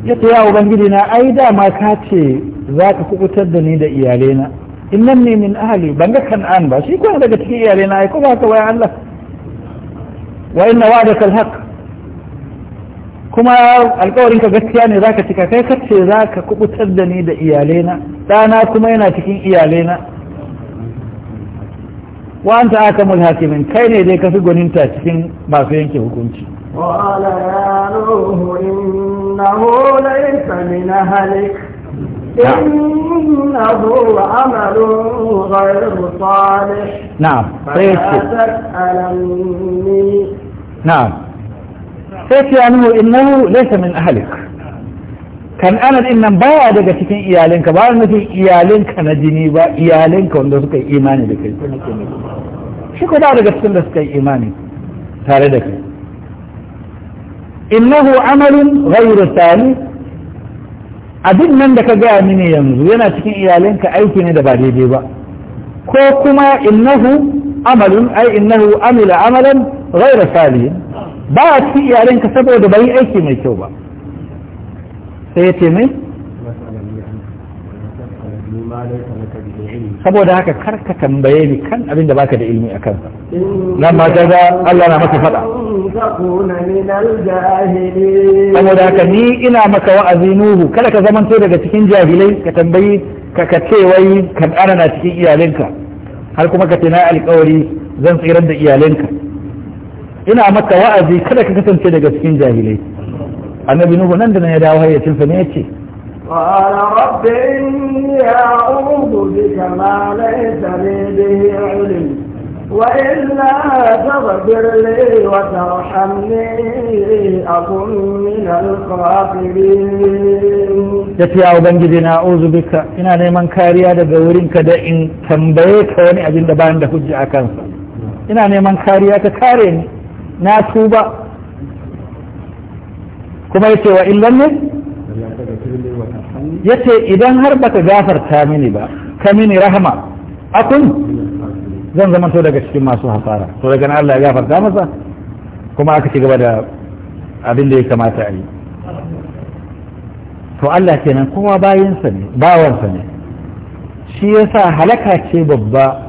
ya ce ya ubangiji na ai dama ka ce za ka kubutar da ni da iyalena in nan ne min ahali ban ga kan'an ba shi kuma daga cikin iyalena ai kuma ka waya Allah wa inna wa'adaka alhaq kuma alƙawarin ka gaskiya ne zaka cika kai ka ce zaka kubutar da ni da iyalena dana kuma yana cikin iyalena wa anta akamul hakimin kai ne dai ka fi gwaninta cikin masu yanke hukunci
قال يا نوح إنه ليس من أهلك نعم. إنه عمل غير صالح
نعم طيب
تسألني نعم sai
ya
nuna innahu laysa min ahlik kan anan din nan baya daga cikin iyalinka ba nufin iyalinka na jini ba iyalinka wanda suka yi imani da kai shi ko ba daga cikin da suka yi imani tare da kai innahu amalun ghairu salih abin nan da ka gaya mini yanzu yana cikin iyalinka aiki ne da ba daidai ba ko kuma innahu amalun ai innahu amila amalan ghairu salih ba a cikin iyalinka saboda bai aiki mai kyau ba sai ya saboda haka kar ka tambaye ni kan abin da baka da ilimi a kansa nan ma ga Allah na maka fada
saboda haka ni ina maka
wa'azi nuhu kada ka zamanto daga cikin jahilai ka tambayi ka ka ce wai ka ƙara na cikin iyalinka har kuma ka ce alƙawari zan tsirar da iyalinka ina maka wa'azi kada ka kasance daga cikin jahilai annabi nuhu nan da na ya dawo hayyacinsa ne ya ce
قال رب إني أعوذ بك ما ليس لي به علم وإلا تغفر لي وترحمني أكن من الخاسرين يا
أبنجي أعوذ بك إن أنا من كاريا دبورين كده إن تنبيك وني أجند دبان دهج أكانسا إن أنا من كاريا كارين na tuba kuma yace wa illan
yace idan
har baka gafarta mini ba ka mini rahama akun zan zama to daga cikin masu hasara to daga nan Allah ya gafarta masa kuma aka ci gaba da abin da ya kamata a yi to Allah kenan kowa bayansa ne bawansa ne shi yasa halaka ce babba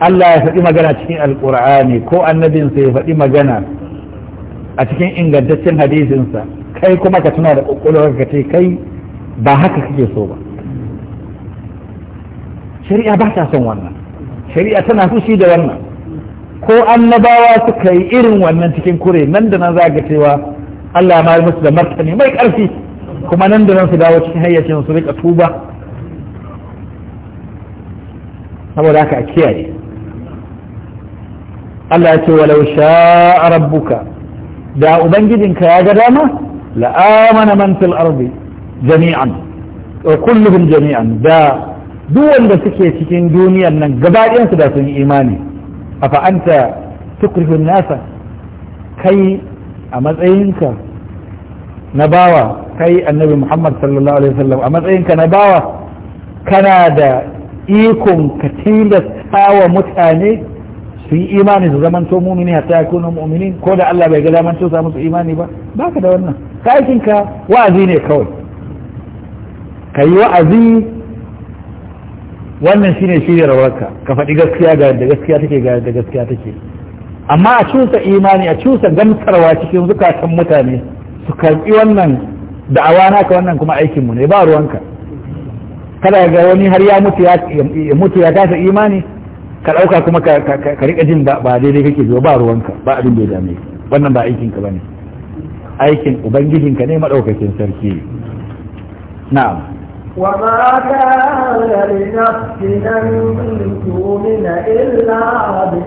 Allah ya faɗi magana cikin alƙur'ani ko annabinsa ya faɗi magana a cikin ingantaccen hadisinsa kai kuma ka tuna da ƙwaƙwalwar ka ce kai ba haka kake so ba shari'a ba ta son wannan shari'a tana fushi da wannan ko annabawa suka yi irin wannan cikin kure nan da nan za ga cewa Allah ma musu da martani mai ƙarfi kuma nan da nan su dawo cikin hayyacin su rika tuba saboda haka a kiyaye Allah ya ce walau sha'a rabbuka da ubangijinka ya ga dama la'amana man fil ardi jami'an kulluhum jami'an da duk wanda suke cikin duniyan nan gaba su da sun yi imani afa anta tukrihun nasa kai a matsayinka na bawa kai annabi muhammad sallallahu alaihi wasallam a matsayinka na bawa kana da ikon ka tilasta mutane su yi imani su zamanto mumini hatta yakunu mu'minin ko da Allah bai ga zamanto su musu imani ba baka da wannan ɗakinka wa'azi ne kawai ka yi wa'azi wannan shine shirya rawarka ka faɗi gaskiya ga yadda gaskiya take ga yadda gaskiya take amma a cusa imani a cusa gamsarwa cikin zukatan mutane su karɓi wannan da'awa naka wannan kuma aikinmu ne ba ruwanka kada ga wani har ya mutu ya mutu ya tasa imani ka ɗauka kuma ka riƙa jin ba daidai kake ba ruwanka ba abin da ya dame wannan ba aikinka ba ne aikin Ubangijinka ne maɗaukakin sarki. Na’am.
Wama ka yari na finan tunina illa bi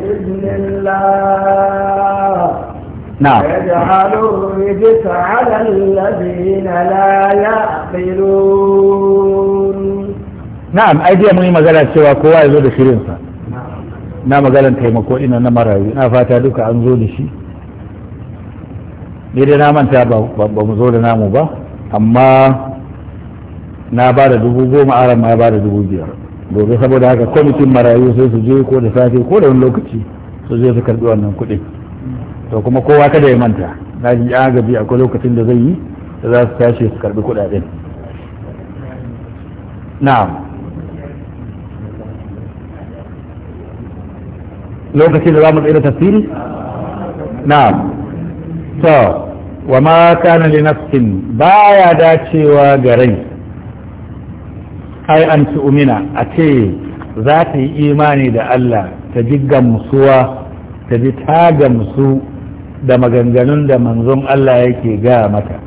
Na'am. ya ji halu rijita la ya Na’am, aidiyar mun yi magana cewa kowa yazo zo da
shirinsa. Na magana taimako ina na marayu, na fata duka an zo da shi. ni dai na manta ba mu zo da namu ba amma na ba da dubu goma aran ma ya ba da dubu biyar gobe saboda haka kwamitin marayu sai su je ko da safe ko da wani lokaci su je su karbi wannan kuɗi to kuma kowa kada ya manta na ji ya gabi akwai lokacin da zai yi da za su tashi su karbi kuɗaɗen na'am lokacin da za mu tsira tasiri na. na'am to wa ma kana li nafsin baya dacewa ga rai ai an umina, a ce za ta yi imani da Allah ta ji gamsuwa ta ji ta gamsu da maganganun da manzon Allah yake ga mata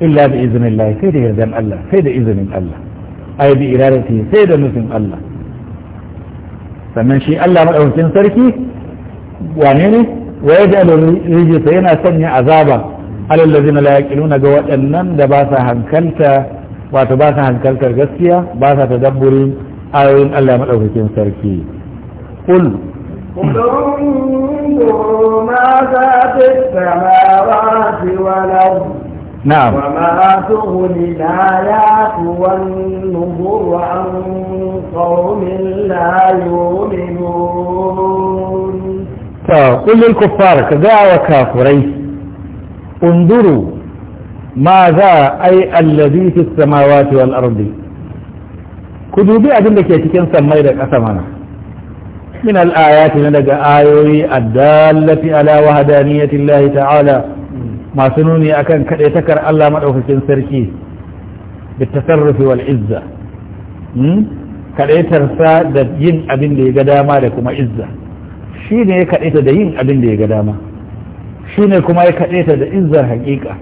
illa da izinin iznillah sai da yardan Allah sai da izinin Allah ai bi iradati sai da nufin Allah sannan shi Allah madaukakin sarki wane ne ويجعل الرجس هنا سني عذابا على الذين لا يكلون جوات النم ده باسا هنكلتا واتو باسا هنكلتا الغسية باسا تدبري آيون الله ملعوكين سركي
قل
قل ماذا في السماوات والأرض نعم وما تغني الآيات والنظر عن قوم لا يؤمنون
ta kullil kuffar ka ga wa kafurai
unduru ma ai allazi fi samawati wal ardi ke cikin sammai da ƙasa mana min al-ayati ayoyi addallati ala wahdaniyati Allah ta'ala masu nuni akan kaɗai takar Allah sarki bitasarrufi izza hmm? da yin dama da kuma izza shi ne ya kaɗaita da yin abin da ya ga dama shi ne kuma ya kaɗaita da izzar haƙiƙa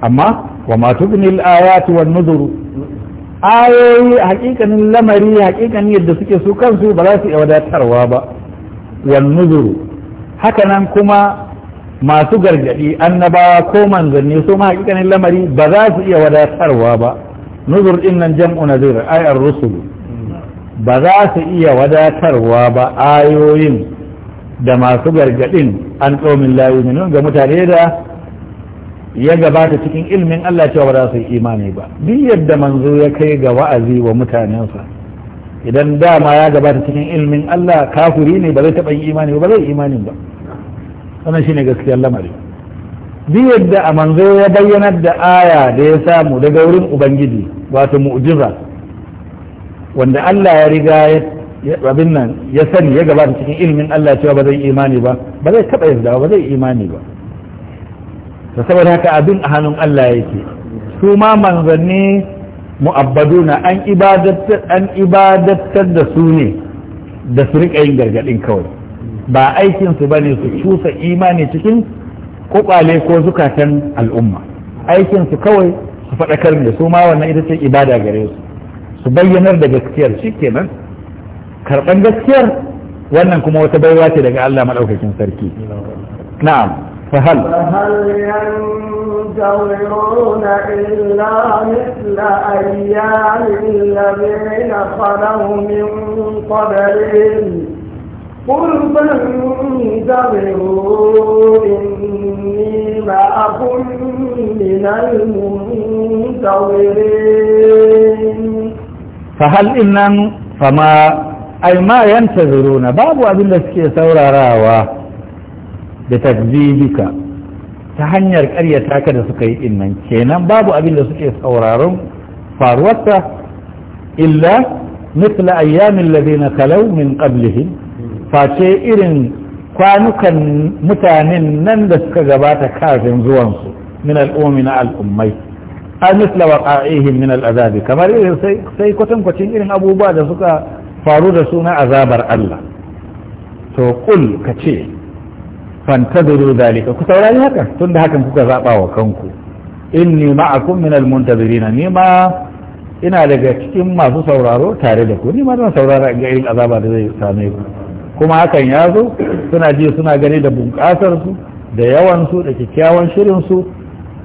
amma wa ma tugni ayatu wan nuzur ayoyi haƙiƙanin lamari haƙiƙanin yadda suke su kansu ba za su iya wadatarwa ba wan nuzur hakanan kuma masu gargaɗi annabawa ko manzanni su ma haƙiƙanin lamari ba za su iya wadatarwa ba nuzur din nan jam'u nazir ayar rusulu ba za su iya wadatarwa ba ayoyin da masu gargadin an tsomin layu minun ga mutane da ya gabata cikin ilmin Allah cewa ba za su yi imani ba duk yadda manzo ya kai ga wa'azi wa mutanensa idan dama ya gabata cikin ilmin Allah kafuri ne ba zai taɓa yin imani ba ba zai imanin ba wannan shine gaskiyar lamari duk yadda a manzo ya bayyanar da aya da ya samu daga wurin ubangiji wato mu'jiza wanda Allah ya riga abin nan ya sani ya gabata cikin ilimin Allah cewa ba zai imani ba ba zai taɓa yarda ba zai imani ba saboda haka abin a hannun Allah yake su ma manzanni mu'abbaduna an ibadatar an ibadatar da su ne da su riƙa yin gargadin kawai ba aikin su bane su cusa imani cikin kwakwale ko zukatan al'umma aikin su kawai su faɗakar ne su ma wannan ita ce ibada gare su su bayyanar da gaskiyar shi kenan karɓar gaskiyar wannan kuma wata baiwa ce daga Allah maɗaukakin sarki na'am
fahal
ينتظرون إلا مثل أيام الذين خلوا من قبلهم قل فانتظروا إني معكم من المنتظرين
fahal din nan fama ai ma yantaziruna babu abin da suke saurarawa da takzibika ta hanyar karyata ka da suka yi din nan kenan babu abin da suke sauraron faruwarta illa مثل ayyamin ladina خلوا من قبلهم face irin kwanukan mutanen nan da suka gabata kafin zuwansu min al'ummi na al'ummai a misla wa ƙa'ihin min al'azabi kamar irin sai kwatankwacin irin abubuwa da suka faru da suna azabar Allah to kul ka ce fantadiru dalika ku saurari haka tun da hakan kuka zaɓa wa kanku inni ma'akum min almuntazirina ni ma ina daga cikin masu sauraro tare da ku ni zan saurara ga irin azaba da zai same ku kuma hakan ya zo suna ji suna gani da bunƙasar su da yawan su da kyakkyawan shirin su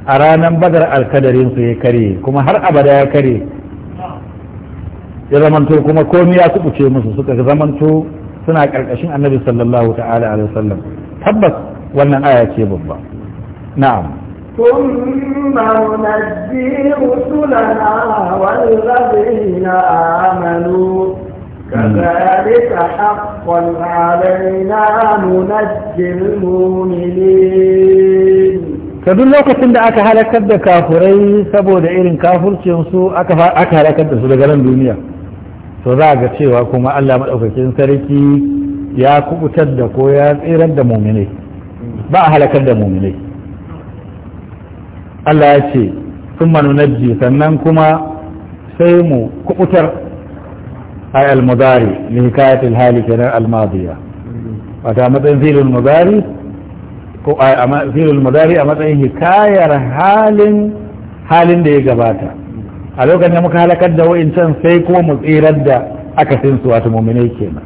a ranar badar alkadarin su ya kare kuma har abada ya kare ya zamanto kuma komai ya kubuce musu suka zamanto suna karkashin annabi sallallahu ta'ala alaihi wasallam tabbas wannan aya ce babba na'am
ثم ننجي رسلنا والذين آمنوا كذلك حقا علينا ننجي المؤمنين
ka duk lokacin da aka halakar da kafurai saboda irin kafurcinsu aka halakar da su daga nan duniya to za ga cewa kuma Allah maɗaukakin sarki ya kubutar da ko ya tsirar da muminai ba a halakar da muminai Allah ya ce sun manunajji sannan kuma sai mu kubutar ay almudari li hikayatil hali kenan almadiya wata matsayin filin mudari ko a filin mudari a matsayin hikayar halin halin da ya gabata a lokacin da muka halakar da wa'incan sai ko mu tsirar da akasin su wato muminai kenan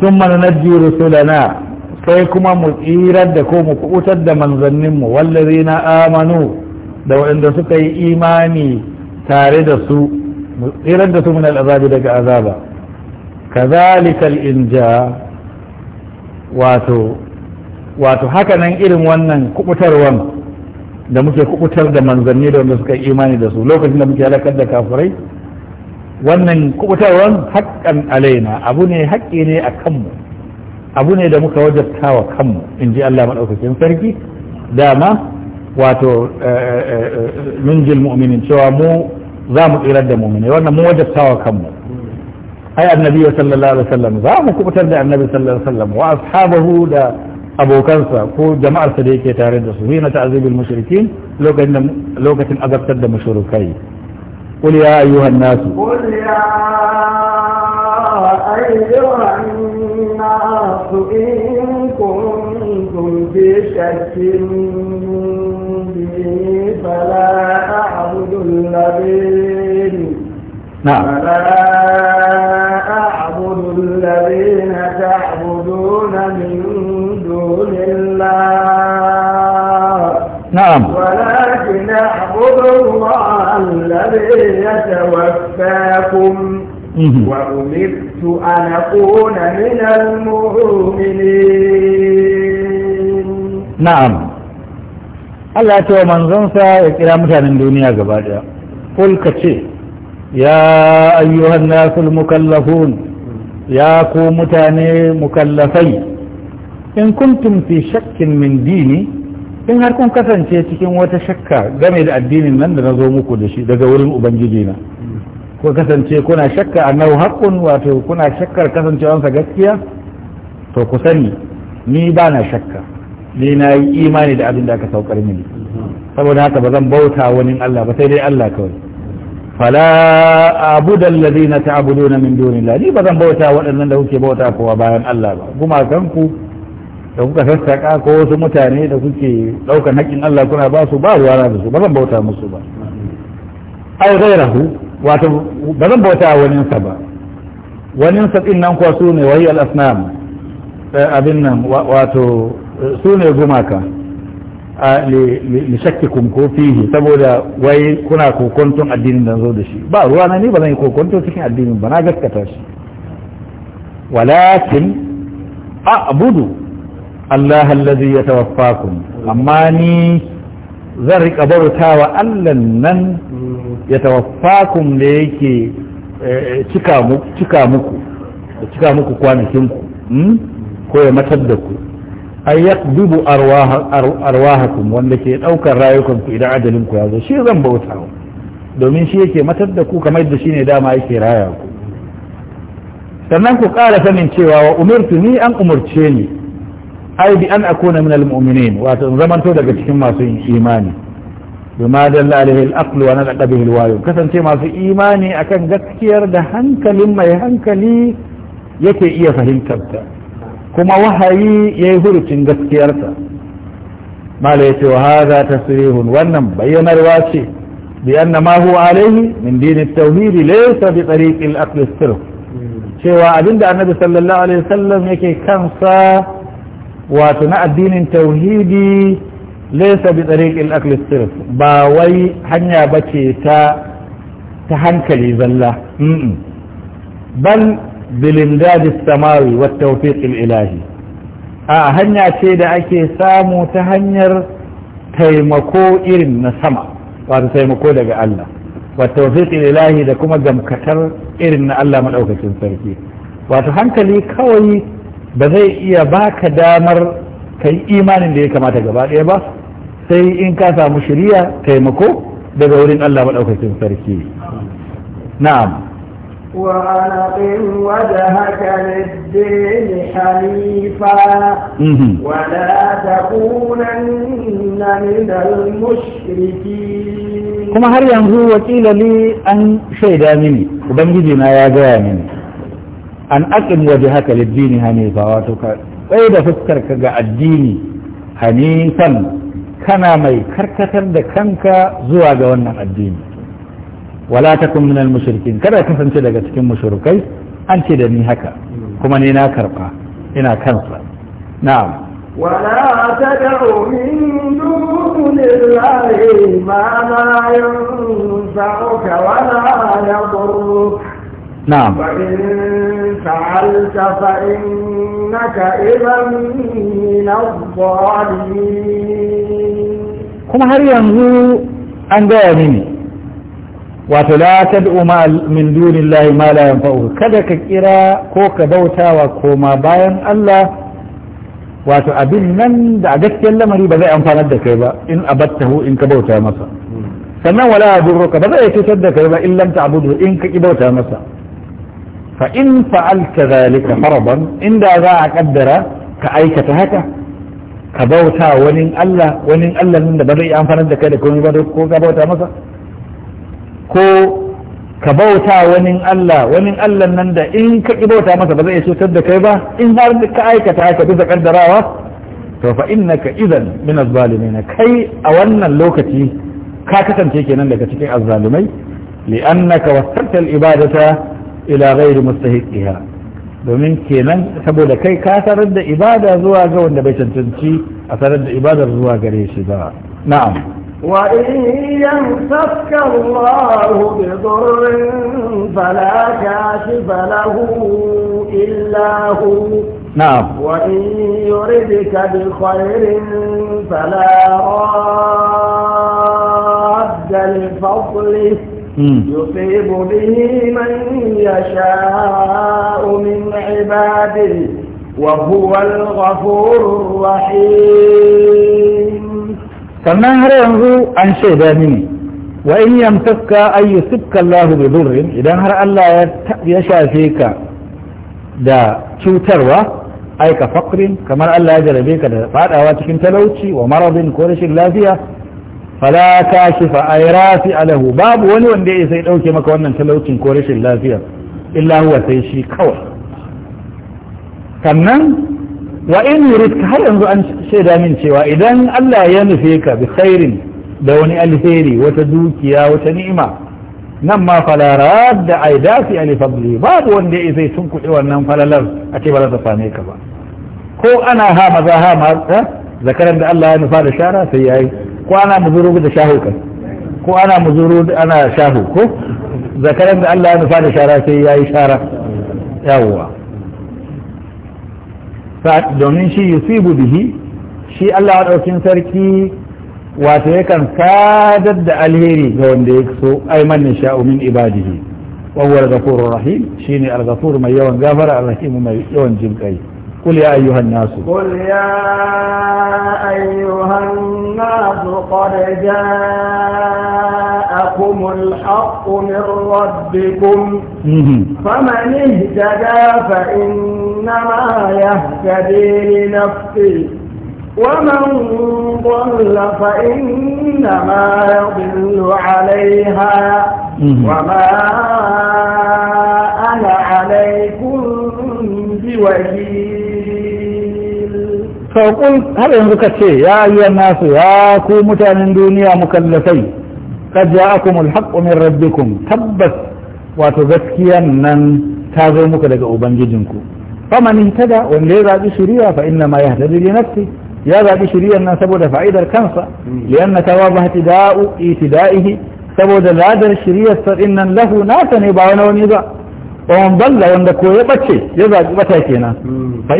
sun mana najji rusulana sai kuma mu tsirar da ko mu kubutar da manzanninmu wallazi na amanu da waɗanda suka yi imani tare da su mu tsirar da su min al'azabi daga azaba kazalikal inja wato wato hakanan irin wannan kubutarwan da muke kubutar da manzanni da wanda suka imani da su lokacin da muke halakar da kafirai wannan kubutarwan haƙƙan alaina abu ne haƙƙi ne a kanmu abu ne da muka wajabta wa kanmu in ji Allah maɗaukakin sarki dama wato eh, eh, eh, min jil mu'minin cewa mu za mu tsirar da mu'mini wannan mu wajabta wa kanmu ai annabi sallallahu alaihi wasallam za mu kubutar da annabi sallallahu alaihi wasallam wa ashabahu da abokansa ko jama'arsa da yake tare da su hina ta'azibul mushrikin lokacin lokacin azabtar da mushrikai qul ya ayyuhan nas qul
ya ayyuhan nas in كنتم في شك مني فلا أعبد الذين نعم فلا أعبد الذين تعبدون من قوم النار نعم ولكن اعبدوا الله الذي يتوفاكم وأمرت أن أكون من المؤمنين
نعم Allah ya tawa sa ya kira mutanen duniya gaba daya kul ka ce ya ayyuhan nasul mukallafun ya ku mutane mukallafai in kuntum fi shakkin min dini in har kun kasance cikin wata shakka game da addinin nan da na zo muku da shi daga wurin ubangiji na ko kasance kuna shakka annahu haqqun wato kuna shakkar kasancewansa gaskiya to ku sani ni ba na shakka ni na yi imani da abin da aka saukar mini saboda haka ba zan bauta wani Allah ba sai dai Allah kawai fala abuda alladhina ta'buduna min dunillahi ba zan bauta waɗannan da kuke bauta kowa bayan Allah ba gumakan ku da kuka sassaƙa ko wasu mutane da kuke ɗaukan haƙƙin Allah kuna ba su ba ruwa da su ba zan bauta musu ba ai rahu wato ba zan bauta a wani sa ba wani sa ɗin nan kuwa su ne wahi al-asnam eh, abin nan wato su ne gumaka li kun ko fihi saboda wai kuna kokonton addinin da zo da shi ba ruwa na ni ba zan yi kokonto cikin addinin ba na gaskata shi walakin a abudu Allah allazi ya tawaffakum amma ni zan rika bautawa Allah nan ya tawaffakum da yake eh, cika muku cika muku cika kwanakin ku hmm? ko ya matar da ku ay yaqbidu arwahakum wanda ke daukar rayukan idan ajalin ku ya zo shi zan bautawa domin shi yake matar da ku kamar da shine dama yake raya ku sannan ku ƙara sanin cewa wa umirtu ni an umurce ni ai bi an akuna min almu'minin wato zamanto daga cikin masu imani bima dalla alaihi al wa nalaqa bihi al kasance masu imani akan gaskiyar da hankalin mai hankali yake iya fahimtarta kuma wahayi yayi hurucin gaskiyarsa mala yace wa hadha tasrihun wannan bayyanarwa ce bi anna ma huwa alaihi min din at-tauhid laysa bi tariq al-aql as-sirf cewa abinda annabi sallallahu alaihi wasallam yake kansa wato na addinin tauhidi laysa bi tariqil akli ba wai hanya bace ta ta hankali zalla Ban bilindad samawi wat tawfiq ilahi a hanya ce da ake samu ta hanyar taimako irin na sama wato taimako daga Allah والتوفيق da kuma gamkatar irin na Allah ملعوكة سنسركي Wato hankali kawai. ba zai iya baka damar ka yi imanin da ya kamata gaba ɗaya ba sai in ka samu shirya taimako daga wurin Allah maɗaukakin sarki na'am
وأن أقم وجهك للدين حنيفا ولا تكونن من المشركين كما
har ينظر وكيل لي أن شيدا مني وبنجدنا يا جايا مني an aqim wajhaka lid-dini hanifa wato ka tsaye da fuskar ka ga addini hanifan kana mai karkatar da kanka zuwa ga wannan addini wala takun minal mushrikin kada kasance daga cikin mushrikai an ce da ni haka kuma ni na karba ina kansa na'am
ولا تدع من دون الله ما لا ينفعك ولا يضرك نعم وإن فعلت فإنك إذا من الظالمين
kuma har yanzu an gaya mini wato la tad'u ma min dunillahi ma la yanfa'u kada ka kira ko ka bautawa koma bayan Allah wato abin nan da a gaskiyar lamari ba zai amfanar da kai ba in abattahu in ka bauta masa sannan wala yadurruka ba zai cutar da kai ba in lam ta'budu in ka ki bauta masa fa in fa'alta zalika faraban inda za a kaddara ka aikata haka ka bauta wani Allah wani Allah da ba zai amfanar da kai da komai ba bauta masa ko ka bauta wani Allah wani Allah nan da in ka bauta masa ba zai cutar da kai ba in har ka aikata haka bisa kaddarawa to fa innaka min kai a wannan lokaci ka kasance kenan daga cikin az li'annaka wasaqta al-ibadata ila ghairi mustahiqiha domin kenan saboda kai ka tarar da ibada zuwa ga wanda bai cancanci a tarar da ibadar zuwa gare shi ba na'am
wa in yamsaka Allah bi dhurrin fala kashifa lahu illa hu na'am wa in yuridka bi khairin fala radda li fadlihi Hmm. يصيب به من يشاء من عباده وهو الغفور الرحيم
sannan har yanzu an shaida mini wa in yamtaka ay yusibka Allahu bi dhurrin idan har Allah ya shafe ka da cutarwa ai ka faqrin kamar Allah ya jarabe ka da fadawa cikin talauci wa maradin ko rashin lafiya fala kashifa ay rafi alahu babu wani wanda ya sai dauke maka wannan talaucin ko rashin lafiya illa huwa sai shi kawai sannan wa in yuridka har yanzu an shaida min cewa idan Allah ya nufe ka bi khairin da wani alheri wata dukiya wata ni'ima nan ma fala radda ay dafi ali fadli babu wanda ya sai sun kuɗi wannan falalar a ce ba za ta same ka ba ko ana ha maza ha ma zakaran da Allah ya nufa da shara sai yayi ko ana muzuru da shahu kan ko ana muzuru ana shahu ko zakaran da Allah ya nufa da shara sai ya yi shara yawwa domin shi yusibu bihi shi Allah waɗaukin sarki wato yakan sadar da alheri ga wanda ya so ai man sha'u min ibadihi wa huwa al-ghafurur rahim shine al-ghafur mai yawan gafara al-rahim mai yawan jinkai قل يا أيها الناس
قل يا أيها الناس قد جاءكم الحق من ربكم فمن اهتدى فإنما يهتدي لنفسه ومن ضل فإنما يضل عليها وما أنا عليكم بوكيل faƙul har yanzu
ka ce ya yi nasu ya ku mutanen duniya mukallafai kad ja'akumul haqqu min rabbikum tabbas wato gaskiyan nan ta zo muka daga ubangijinku faman tada wanda ya zaɓi shari'a fa inna ma yahtadi li nafsi ya zaɓi shari'an nan saboda fa'idar kansa lianna ba ihtida'u ihtida'ihi saboda ladar shari'ar sa nan lahu nata ne ba wani wani ba ɗan balla wanda ko ya ɓace ya zaɓi ɓata kenan hmm. fa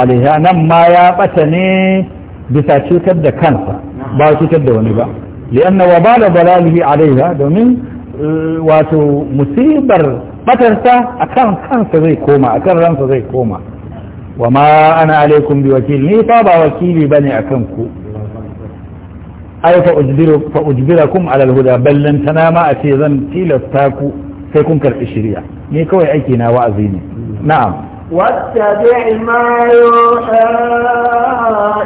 alaiha nan ma ya ɓata ne bisa cutar da kansa ba cutar da wani ba li anna wa bala dalalihi alaiha domin eh, wato musibar batarsa akan kansa zai koma akan ransa zai koma wa ma ana alaikum bi wakil ni fa ba wakili bane akan ku ai fa ujbiru fa ujbirakum ala alhuda ballan tanama a ce zan tilasta ku sai kun karbi shari'a ni kawai aiki na wa'azi ne na'am
واتبع ما يوحى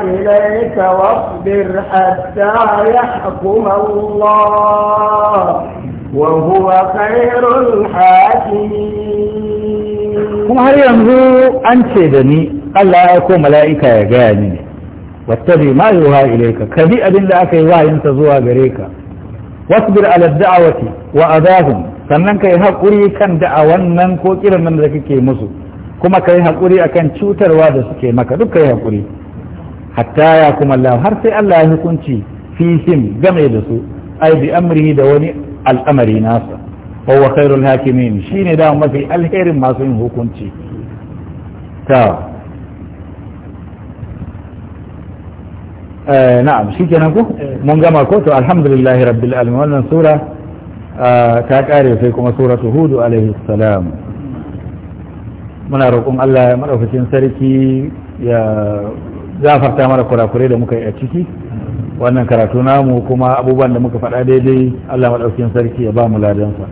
إليك واصبر حتى يحكم الله وهو خير الحاكمين kuma har yanzu an
ce da ni Allah ya ko mala'ika ya gaya ni ne wattabi ma yuha ilayka ka bi abin da aka yi wayinsa zuwa gare ka wasbir ala da'awati wa adahum sannan ka yi haƙuri kan da'awan nan ko kiran nan da kake musu kuma ka yi haƙuri akan cutarwa da suke maka duk ka yi haƙuri hatta ya kuma Allah har sai Allah ya hukunci fihim game da su ai bi amri da wani al'amari nasa wa huwa khairul hakimin shine da mafi alherin masu yin hukunci ta eh, na'am shikenan ko eh. mun gama ko to alhamdulillahi rabbil alamin wannan sura ta kare sai kuma suratu hudu alaihi salam muna roƙon Allah ya madaukakin sarki ya zafarta mana kurakure da muka yi a ciki wannan karatu namu kuma abubuwan da muka faɗa daidai Allah madaukakin sarki ya ba mu ladansa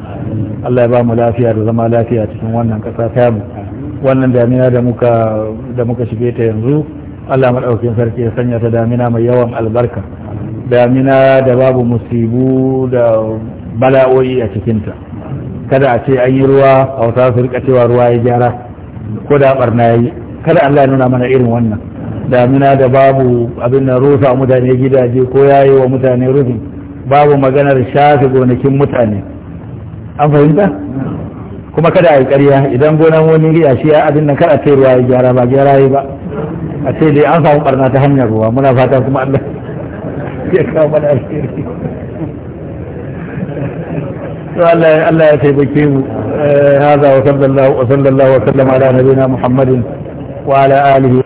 Allah ya ba mu lafiya da zama lafiya cikin wannan ƙasa ta mu wannan damina da muka da muka shige ta yanzu Allah madaukakin sarki ya sanya ta damina mai yawan albarka damina da babu musibu da bala'o'i a cikinta kada a ce an yi ruwa a wata su rika cewa ruwa ya gyara ko da barna ya yi kada Allah ya nuna mana irin wannan damina da babu abin da rusa mutane gidaje ko ya yi wa mutane rufin babu maganar shafi gonakin mutane an fahimta kuma kada a yi ƙarya idan gona wani riya shi abin nan kada ce ruwa ya gyara ba gyara yi ba a ce dai an samu barna ta hanyar ruwa muna fata kuma Allah
[laughs] ya kawo mana alheri
ألا يأتي يتبكيه آه، هذا وصلى الله وسلم على نبينا محمد وعلى آله